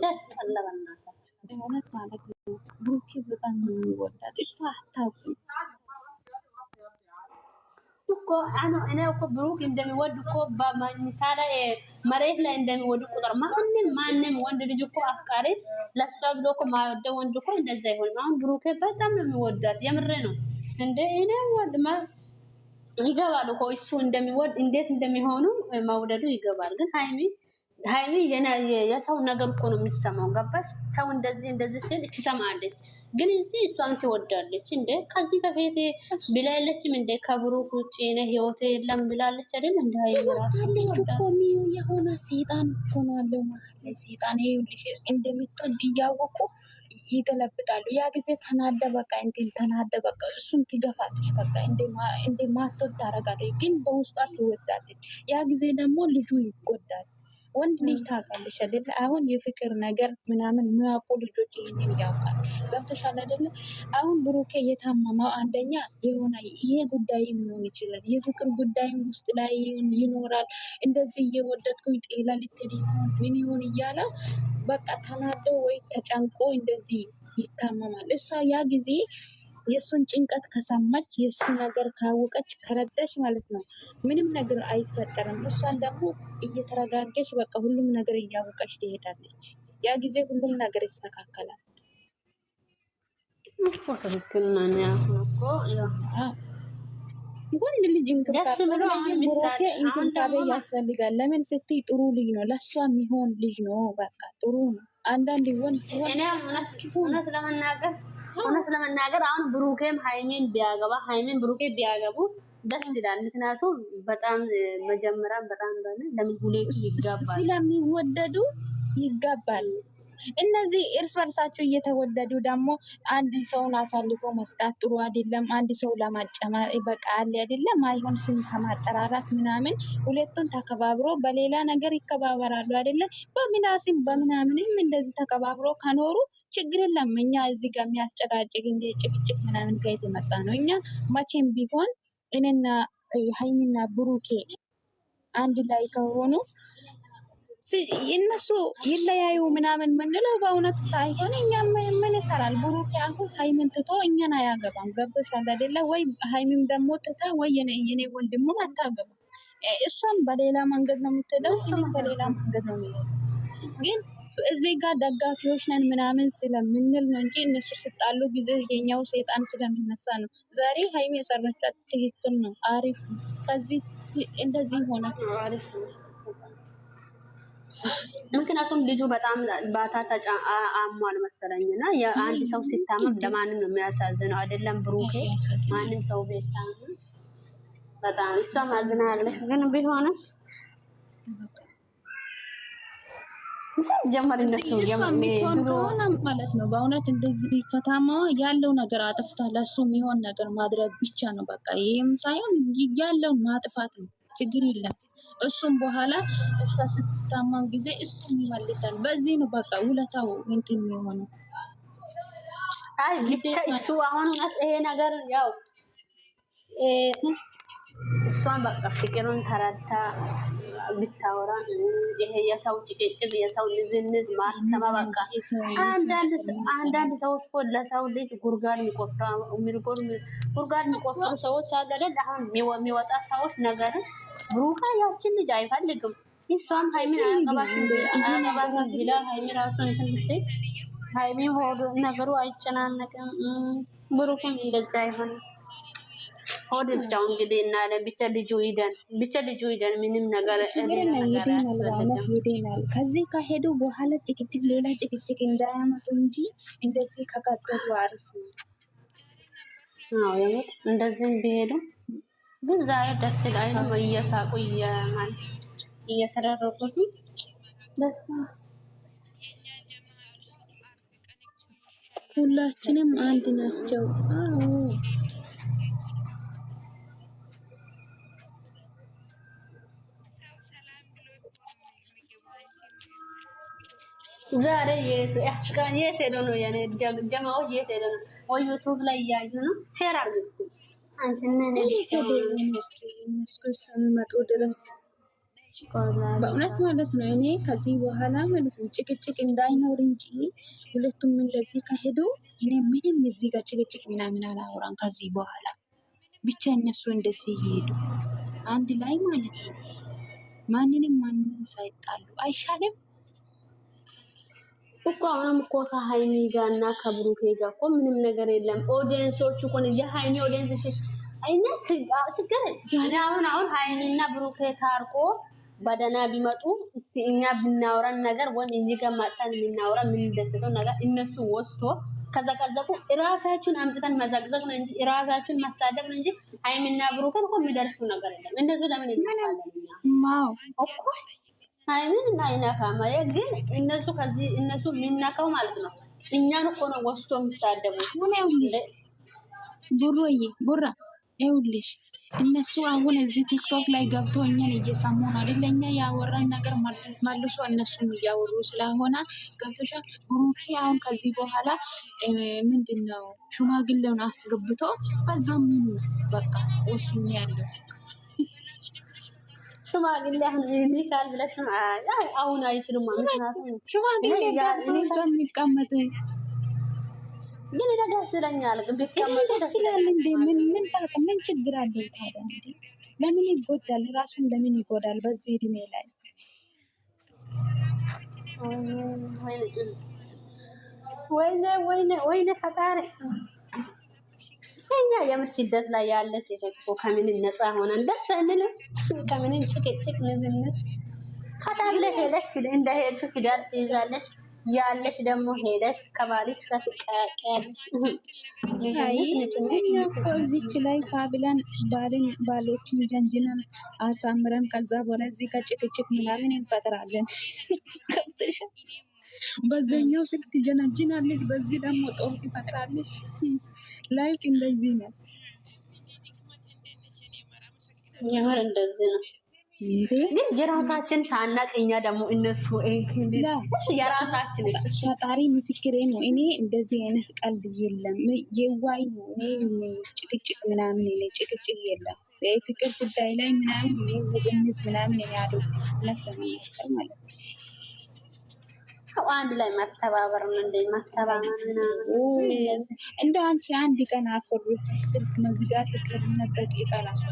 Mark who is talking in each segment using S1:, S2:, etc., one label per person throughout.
S1: ሲያስጠላ እውነት ማለት ነው። ብሩኬ በጣም ነው የሚወዳት እሷ አታውቅም እኮ እኔ እኮ ብሩክ እንደሚወድ እኮ በመኝታ ላይ መሬት ላይ እንደሚወድ ቁጥር ማንም ማንም ወንድ ልጅ እኮ አፍቃሪ ለሷ ብሎ እኮ ማይወደው ወንድ እኮ እንደዛ አይሆንም። አሁን ብሩኬ በጣም ነው የሚወዳት የምሬ ነው እንደ እኔ ወድ ይገባል እኮ እሱ እንደሚወድ እንዴት እንደሚሆኑ መውደዱ ይገባል። ግን ሃይሚ ሀይሚ የሰው ነገር እኮ ነው የሚሰማው። ገባሽ? ሰው እንደዚህ እንደዚህ ሲል ትሰማለች፣ ግን እንጂ እሷም ትወዳለች። እንደ ከዚህ በፊት ብላለችም እንደ ከብሩክ ውጭ ነ ህይወት የለም ብላለች አይደል? እንደ ሀይሚ የሆነ ሴጣን ሆኗለው ያለው መሀል ላይ ሴጣን እንደምትወድ እያወቁ ይገለብጣሉ። ያ ጊዜ ተናደ በቃ እንትን ተናደ በቃ እሱን ትገፋለች። በቃ እንደ እንደማትወድ ታደርጋለች፣ ግን በውስጧ ትወዳለች። ያ ጊዜ ደግሞ ልጁ ይጎዳል። ወንድ ልጅ ታውቃለሽ አይደለ? አሁን የፍቅር ነገር ምናምን የሚያውቁ ልጆች ይህንን ያውቃል። ገብተሻል አይደለ? አሁን ብሩኬ የታመመው አንደኛ የሆነ ይሄ ጉዳይ ሊሆን ይችላል። የፍቅር ጉዳይም ውስጥ ላይ ይኖራል። እንደዚህ እየወደድኩኝ ጤላ ልትል ምን ይሁን እያለ በቃ ተናደው ወይ ተጨንቆ እንደዚህ ይታመማል። እሷ ያ ጊዜ የእሱን ጭንቀት ከሰማች የእሱ ነገር ካወቀች ከረዳች ማለት ነው ምንም ነገር አይፈጠርም። እሷን ደግሞ እየተረጋገች በቃ ሁሉም ነገር እያወቀች ትሄዳለች። ያ ጊዜ ሁሉም ነገር ይስተካከላል። ወንድ ልጅ እንክብካቤ እንክብካቤ ያስፈልጋል። ለምን ስትይ ጥሩ ልጅ ነው፣ ለእሷ የሚሆን ልጅ ነው። በቃ ጥሩ ነው። አንዳንድ ወንድ ለመናገር እውነት ለመናገር አሁን ብሩኬም ሀይሜን ቢያገባ ሀይሜን ብሩኬ ቢያገቡ ደስ ይላል። ምክንያቱም በጣም መጀመሪያ በጣም ለምን ሁሌ ይጋባል ስለሚወደዱ ይጋባል። እነዚህ እርስ በርሳቸው እየተወደዱ ደግሞ አንድ ሰውን አሳልፎ መስጣት ጥሩ አይደለም። አንድ ሰው ለማጨመር በቃ አይደለም፣ አይሆን ስም ከማጠራራት ምናምን ሁለቱን ተከባብሮ በሌላ ነገር ይከባበራሉ አይደለም። በሚናስም በምናምንም እንደዚህ ተከባብሮ ከኖሩ ችግር የለም። እኛ እዚህ ጋር የሚያስጨቃጭቅ እንደ ጭቅጭቅ ምናምን ጋር የመጣ ነው። እኛ መቼም ቢሆን እኔና ሀይሚና ብሩኬ አንድ ላይ ከሆኑ እነሱ ይለያዩ ምናምን ምንለው በእውነት ሳይሆን እኛ ምን ይሰራል? ብሩክ አሁን ሀይሚን ትቶ እኛን አያገባም። ገብቶሻል አይደለ ወይ? ሀይሚም ደግሞ ትታ ወይ የኔ ወንድሙን አታገባም። እሷም በሌላ መንገድ ነው የምትሄደው፣ እኔም በሌላ መንገድ ነው የሚሄደው። ግን እዚህ ጋር ደጋፊዎች ነን ምናምን ስለምንል ነው እንጂ እነሱ ስጣሉ ጊዜ የኛው ሰይጣን ስለሚነሳ ነው። ዛሬ ሀይሚ የሰራቻት ትክክል ነው፣ አሪፍ ነው። ከዚህ እንደዚህ ሆነ አሪፍ ነው። ምክንያቱም ልጁ በጣም ባታታ አሟል መሰለኝ እና የአንድ ሰው ሲታመም ለማንም ነው የሚያሳዝነው፣ አይደለም ብሩኬ፣ ማንም ሰው ቤታመም በጣም እሷም አዝናለች። ግን ቢሆንም ማለት ነው። በእውነት እንደዚህ ከታማዋ ያለው ነገር አጥፍታ ለሱ የሚሆን ነገር ማድረግ ብቻ ነው። በቃ ይህም ሳይሆን ያለውን ማጥፋት ነው። ችግር የለም እሱም በኋላ ስትታማም ጊዜ እሱም ይመልሳል። በዚህ ነው በቃ ውለታው እንትን የሆነ አይ ብቻ እሱ አሁን ይሄ ነገር ያው እሷን በቃ ፍቅሩን ተረድታ ብታወራ ይሄ የሰው ጭቅጭቅ የሰው ልዝንዝ ማሰማ በቃ አንዳንድ ሰዎች እኮ ለሰው ልጅ ጉርጋር የሚቆፍሩ ጉርጋድ የሚቆፍሩ ሰዎች አሉ አይደል? አሁን የሚወጣ ሰዎች ነገርን ብሩካ ያችን ልጅ አይፈልግም። እሷም ሀይሚን አያገባሽም ብላ ሀይሚ ራሱን እንትን ብትይ ሀይሚ ሆዱ ነገሩ አይጨናነቅም። ብሩክም እንደዛ አይሆንም። ሆድ ብቻው እንግዲህ እናለን ብቻ ልጁ ይደን ብቻ ልጁ ይደን ምንም ነገር ይደናል። ከዚህ ከሄዱ በኋላ ጭቅጭቅ ሌላ ጭቅጭቅ እንዳያመጡ እንጂ እንደዚህ ከቀጠሉ አሪፍ ነው። እንደዚህም ቢሄዱ ግን ዛሬ ደስ ይላል። እየሳቁ እየማለት እየተደረጉሱ ደስ ሁላችንም አንድ ናቸው። አዎ ዛሬ የት የት ሄደ ነው? የኔ ጀማዎች የት ሄደ ነው? ወይ ዩቱብ ላይ እያዩ ነው። ሄር አርግስት እስከሚመጡ በእውነት ማለት ነው። እኔ ከዚህ በኋላ ማለት ነው ጭቅጭቅ እንዳይኖር እንጂ ሁለቱም እንደዚህ ከሄዱ እኔ ምንም እዚህ ጋር ጭቅጭቅ ምናምን አላወራም ከዚህ በኋላ ብቻ እነሱ እንደዚህ ይሄዱ አንድ ላይ ማለት ነው። ማንንም ማንንም ሳይጣሉ አይሻልም? እኮ አሁንም እኮ ከሀይሚ ጋር እና ከብሩኬ ጋር እኮ ምንም ነገር የለም። ኦዲየንሶች እኮ የሀይሚ ኦዲየንሶች አይነ ችግር አሁን አሁን ሀይሚና ብሩኬ ታርቆ በደህና ቢመጡ እስቲ እኛ ብናወራን ነገር ወይም እዚህ ጋር ማጣን የምናወራ የምንደሰተው ነገር እነሱ ወስቶ ከዘቀዘቁ እራሳችሁን አምጥተን መዘቅዘቅ ነው እንጂ እራሳችሁን መሳደብ ነው እንጂ ሀይሚና ብሩኬን እኮ የሚደርሱ ነገር የለም። እንደዚህ ለምን ይባላል እኛ እኮ እና አይምን ማለት ግን እነሱ ከዚ እነሱ የሚነካው ማለት ነው እኛን እኮ ነው ወስቶ የሚሳደቡት። ቡራዬ ቡራ ይኸውልሽ፣ እነሱ አሁን እዚህ ቲክቶክ ላይ ገብቶ እኛን እየሰሙ ነው አይደል? እኛ ያወራን ነገር መልሶ እነሱም እያወሩ ስለሆነ ገብቶሻ። ብሩኬ አሁን ከዚህ በኋላ ምንድን ነው ሽማግሌውን አስገብቶ በዛ በቃ ወስኝ ያለው ሽማግሌ ኒካል ብለሽ አሁን አይችልም። ምክንያቱም ሽማግሌ የሚቀመጥ ግን ደስ ይለኛል። ደስ ይላል እንዴ! ምን ምን ታውቅ? ምን ችግር አለው ታዲያ? ለምን ይጎዳል? ራሱን ለምን ይጎዳል? በዚህ እድሜ ላይ ወይኔ ወይኔ ወይኔ ፈጣሪ እኛ የምር ስደት ላይ ያለ ሴቶች እኮ ከምንም ነፃ ሆነን ደስ አንልም። ከምንም ጭቅጭቅ፣ ንዝነት ከታለ ሄደሽ እንደ ሄድሽ ትዳር ትይዛለች ያለሽ ደግሞ ሄደሽ ከባልሽ ከፍቃቀር እዚች ላይ ካብለን ባልን ባሎችን ጀንጅነን አሳምረን ከዛ በኋላ እዚህ ጋር ጭቅጭቅ ምናምን እንፈጥራለን። ከብትሻ በዛኛው ስልክ ትጀናጅናለች፣ በዚህ ደግሞ ጦር ትፈጥራለች። ላይፍ እንደዚህ ነው። የምር እንደዚህ ነው። ግን የራሳችን ሳናቅ እኛ ደግሞ እነሱ የራሳችን ፈጣሪ ምስክሬ ነው። እኔ እንደዚህ አይነት ቀልድ የለም። የዋይ ጭቅጭቅ ምናምን ጭቅጭቅ የለም። የፍቅር ጉዳይ ላይ ምናምን ምዝምዝ ምናምን ያሉ ነት ለመናገር ማለት ነው አንድ ላይ ማተባበር ነው እንደ ማተባበር እንደ አንቺ አንድ ቀን አኮሮች ስልክ መዝጋት ከነበቅ የጠራሱ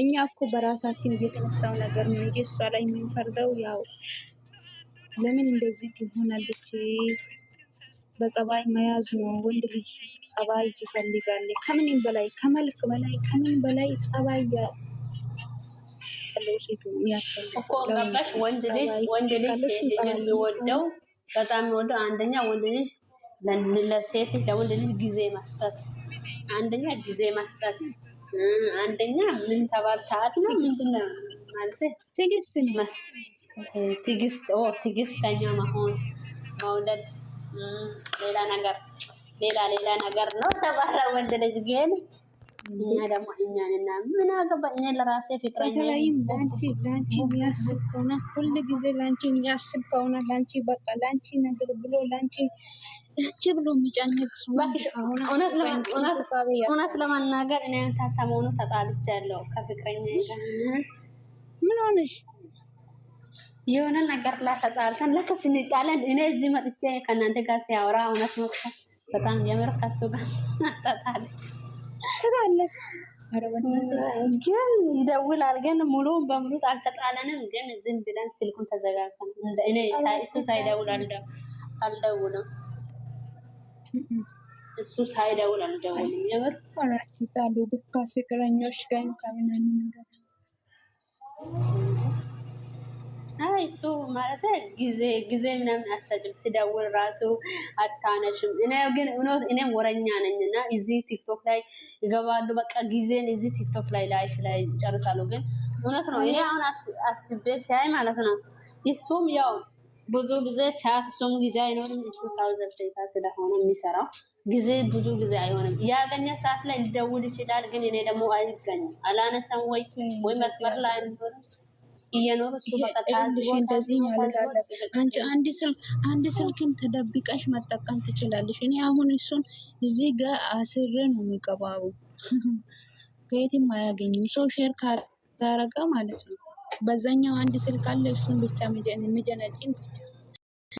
S1: እኛ እኮ በራሳችን እየተነሳው ነገር ነው እንጂ እሷ ላይ የምንፈርደው ያው ለምን እንደዚህ ትሆናለች በጸባይ መያዝ ነው። ወንድ ልጅ ጸባይ ይፈልጋል። ከምንም በላይ ከመልክ በላይ ከምንም በላይ ጸባይ ያለው ሴት ነው የሚያስፈልገው እኮ ገባሽ? ወንድ ልጅ ወንድ ልጅ ልጅ የሚወደው በጣም የሚወደው አንደኛ ወንድ ልጅ ለሴት ልጅ ለወንድ ልጅ ጊዜ መስጠት፣ አንደኛ ጊዜ መስጠት፣ አንደኛ ምን ተባል ሰዓት ነው ምንድን ነው ማለት ትግስት ትግስት ትግስተኛ መሆን መውለድ ሌላ ነገር ሌላ ሌላ ነገር ነው ተባለ። ወንድ ልጅ ግን እኛ ደግሞ እኛንና ምን አገባኝ። እኔ ለራሴ ፍቅረኛ በተለይም ለአንቺ ለአንቺ የሚያስብ ከሆነ ሁል ጊዜ ለአንቺ የሚያስብ ከሆነ ለአንቺ በቃ ለአንቺ ነገር ብሎ ለአንቺ ለአንቺ ብሎ የሚጨንቅ እውነት ለመናገር እኔ አንተ ሰሞኑ ተጣልቻለሁ ከፍቅረኛ ምን ሆነሽ የሆነ ነገር ላይ ተጣልተን ለከስ እንጣለን። እኔ እዚህ መጥቼ ከእናንተ ጋር ሲያወራ እውነት መጥቶ በጣም የምር ከሱ ጋር ግን ይደውላል፣ ግን ሙሉ በሙሉ አልተጣለንም። ግን ዝም ብለን ስልኩን ተዘጋግተን እኔ እሱ ሳይደውል አልደውልም። እሱ ሳይደውል አልደውልም። የምር ራሱ ታሉ ብካ ፍቅረኞች ጋር ከምናምን ነገር እሱ ማለት ጊዜ ጊዜ ምናምን አትሰጭም። ሲደውል ራሱ አታነሽም። ግን እኔም ወረኛ ነኝ እና እዚህ ቲክቶክ ላይ ይገባሉ። በቃ ጊዜን እዚህ ቲክቶክ ላይ ላይፍ ላይ ይጨርሳሉ። ግን እውነት ነው። እኔ አሁን አስቤ ሲያይ ማለት ነው እሱም ያው ብዙ ጊዜ ሰዓት እሱም ጊዜ አይኖርም። እሱ ሳውዘርሴታ ስለሆነ የሚሰራው ጊዜ ብዙ ጊዜ አይሆንም። ያገኘ ሰዓት ላይ ሊደውል ይችላል። ግን እኔ ደግሞ አይገኝም። አላነሳም ወይ ወይ መስመር ላይ እንደዚህ አንድ ስልክን ተደብቀሽ መጠቀም ትችላለሽ። እኔ አሁን እሱን እዚህ ጋ አስሬ ነው የሚቀባቡ ከየትም አያገኝም። ሰው ሼር ካላረገ ማለት ነው። በዛኛው አንድ ስልክ አለ። እሱን ብቻ የሚደነጥም